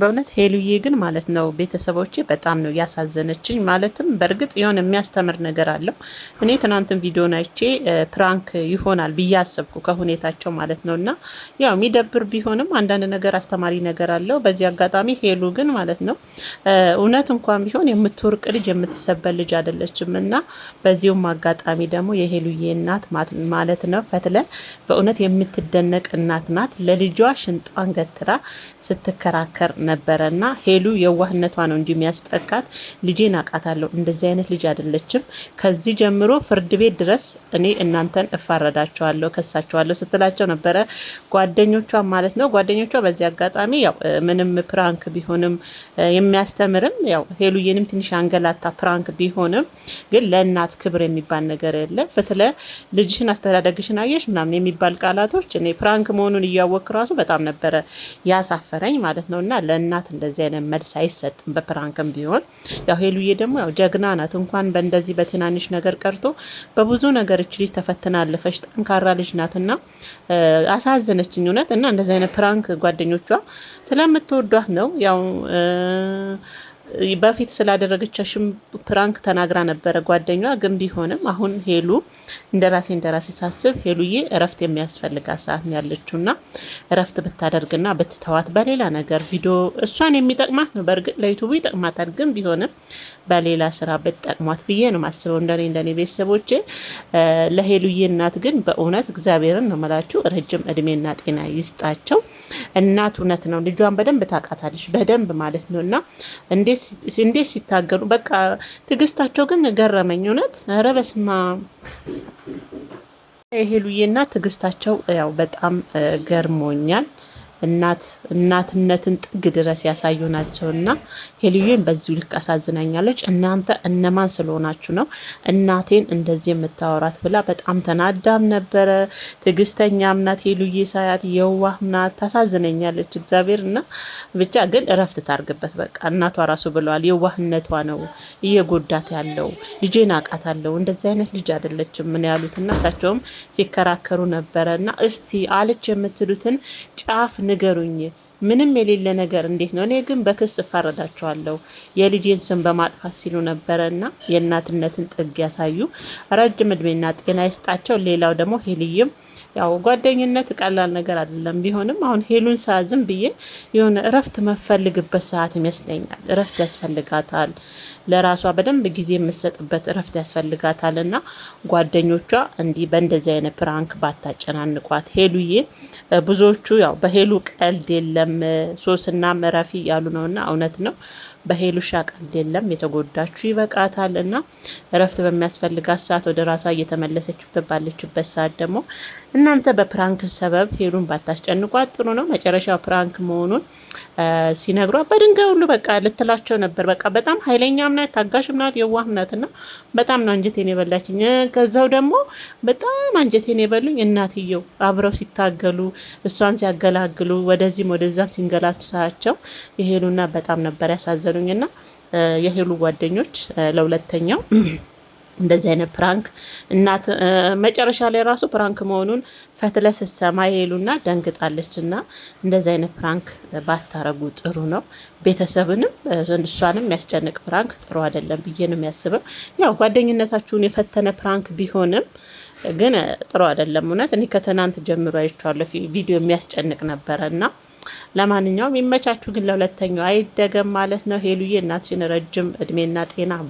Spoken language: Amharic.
በእውነት ሄሉዬ ግን ማለት ነው ቤተሰቦች በጣም ነው ያሳዘነችኝ። ማለትም በእርግጥ የሆነ የሚያስተምር ነገር አለው። እኔ ትናንትን ቪዲዮ ናይቼ ፕራንክ ይሆናል ብዬ አሰብኩ ከሁኔታቸው ማለት ነው። እና ያው የሚደብር ቢሆንም አንዳንድ ነገር አስተማሪ ነገር አለው። በዚህ አጋጣሚ ሄሉ ግን ማለት ነው እውነት እንኳን ቢሆን የምትወርቅ ልጅ የምትሰበል ልጅ አይደለችም። እና በዚሁም አጋጣሚ ደግሞ የሄሉዬ እናት ማለት ነው ፈትለ በእውነት የምትደነቅ እናት ናት። ለልጇ ሽንጧን ገትራ ስትከራከር ነበረ እና ሄሉ የዋህነቷ ነው እንጂ የሚያስጠቃት ልጄን አውቃታለሁ። እንደዚህ አይነት ልጅ አይደለችም። ከዚህ ጀምሮ ፍርድ ቤት ድረስ እኔ እናንተን እፋረዳቸዋለሁ፣ ከሳቸዋለሁ ስትላቸው ነበረ ጓደኞቿ ማለት ነው። ጓደኞቿ በዚህ አጋጣሚ ያው ምንም ፕራንክ ቢሆንም የሚያስተምርም ያው ሄሉዬንም ትንሽ አንገላታ ፕራንክ ቢሆንም ግን ለእናት ክብር የሚባል ነገር የለ ፍትለ ልጅሽን አስተዳደግሽን አየሽ ምናምን የሚባል ቃላቶች እኔ ፕራንክ መሆኑን እያወቅ ራሱ በጣም ነበረ ያሳፈረኝ ማለት ነው እና ለእናት እንደዚህ አይነት መልስ አይሰጥም፣ በፕራንክም ቢሆን ያው ሄሉዬ ደግሞ ያው ጀግና ናት። እንኳን በእንደዚህ በትናንሽ ነገር ቀርቶ በብዙ ነገር እች ልጅ ተፈትና አለፈች። ጠንካራ ልጅ ናት ናትና አሳዘነችኝ እውነት እና እንደዚህ አይነት ፕራንክ ጓደኞቿ ስለምትወዷት ነው ያው በፊት ስላደረገቻሽም ፕራንክ ተናግራ ነበረ ጓደኛዋ። ግን ቢሆንም አሁን ሄሉ እንደራሴ እንደራሴ ሳስብ ሄሉዬ እረፍት የሚያስፈልጋ ሰዓት ያለችው ና እረፍት ብታደርግና ብትተዋት በሌላ ነገር ቪዲዮ እሷን የሚጠቅማት ነው። በእርግጥ ለዩቱቡ ይጠቅማታል። ግን ቢሆንም በሌላ ስራ ብትጠቅሟት ብዬ ነው ማስበው። እንደኔ እንደኔ ቤተሰቦቼ ለሄሉዬ እናት ግን በእውነት እግዚአብሔርን ነው መላችሁ ረጅም እድሜና ጤና ይስጣቸው። እናት እውነት ነው ልጇን በደንብ ታውቃታለች፣ በደንብ ማለት ነው። እና እንዴት ሲታገሉ በቃ ትዕግስታቸው ግን ገረመኝ እውነት። ኧረ በስመ አብ የሄሉዬ እናት ትዕግስታቸው ያው በጣም ገርሞኛል። እናት እናትነትን ጥግ ድረስ ያሳዩ ናቸው እና ሄልዩን በዚሁ ልክ አሳዝናኛለች። እናንተ እነማን ስለሆናችሁ ነው እናቴን እንደዚህ የምታወራት ብላ በጣም ተናዳም ነበረ። ትዕግስተኛም ናት ሄልዩ ሳያት፣ የዋህም ናት። ታሳዝነኛለች እግዚአብሔር እና ብቻ ግን እረፍት ታርግበት በቃ። እናቷ ራሱ ብለዋል የዋህነቷ ነው እየጎዳት ያለው ልጄን አውቃታለሁ እንደዚህ አይነት ልጅ አይደለችም ምን ያሉት እና እሳቸውም ሲከራከሩ ነበረ እና እስቲ አለች የምትሉትን ጫፍ ንገሩኝ። ምንም የሌለ ነገር እንዴት ነው? እኔ ግን በክስ እፋረዳቸዋለሁ የልጄን ስም በማጥፋት ሲሉ ነበረ እና የእናትነትን ጥግ ያሳዩ ረጅም እድሜና ጤና ይስጣቸው። ሌላው ደግሞ ሄልይም ያው ጓደኝነት ቀላል ነገር አይደለም። ቢሆንም አሁን ሄሉን ሳዝም ብዬ የሆነ እረፍት መፈልግበት ሰዓት ይመስለኛል። እረፍት ያስፈልጋታል። ለራሷ በደንብ ጊዜ የምሰጥበት እረፍት ያስፈልጋታል እና ጓደኞቿ እንዲህ በእንደዚህ አይነት ፕራንክ ባታጨናንቋት። ሄሉዬ ብዙዎቹ ያው በሄሉ ቀልድ የለም ሶስና መረፊ ያሉ ነውና እውነት ነው። በሄሉ ሻ ቀልድ የለም። የተጎዳችሁ ይበቃታል እና እረፍት በሚያስፈልጋት ሰዓት ወደ ራሷ እየተመለሰችበት ባለችበት ሰዓት ደግሞ እናንተ በፕራንክ ሰበብ ሄሉን ባታስጨንቋት ጥሩ ነው። መጨረሻው ፕራንክ መሆኑን ሲነግሯት በድንጋይ ሁሉ በቃ ልትላቸው ነበር። በቃ በጣም ኃይለኛ ምናት ታጋሽ ምናት የዋህ ምናት እና በጣም ነው አንጀቴን የበላችኝ። ከዛው ደግሞ በጣም አንጀቴን የበሉኝ እናትየው አብረው ሲታገሉ እሷን ሲያገላግሉ ወደዚህም ወደዛም ሲንገላቱ ሳያቸው የሄሉና በጣም ነበር ያሳዘኑኝ እና የሄሉ ጓደኞች ለሁለተኛው እንደዚህ አይነት ፕራንክ እናት መጨረሻ ላይ ራሱ ፕራንክ መሆኑን ፈትለ ስትሰማ የሉና ደንግጣለች። እና እንደዚህ አይነት ፕራንክ ባታረጉ ጥሩ ነው። ቤተሰብንም እሷንም የሚያስጨንቅ ፕራንክ ጥሩ አይደለም ብዬ ነው የሚያስበው። ያው ጓደኝነታችሁን የፈተነ ፕራንክ ቢሆንም ግን ጥሩ አይደለም። እውነት እኔ ከትናንት ጀምሮ አይቼዋለሁ። ቪዲዮ የሚያስጨንቅ ነበረ እና ለማንኛውም ይመቻችሁ። ግን ለሁለተኛው አይደገም ማለት ነው። ሄሉዬ እናትሽን ረጅም እድሜና ጤና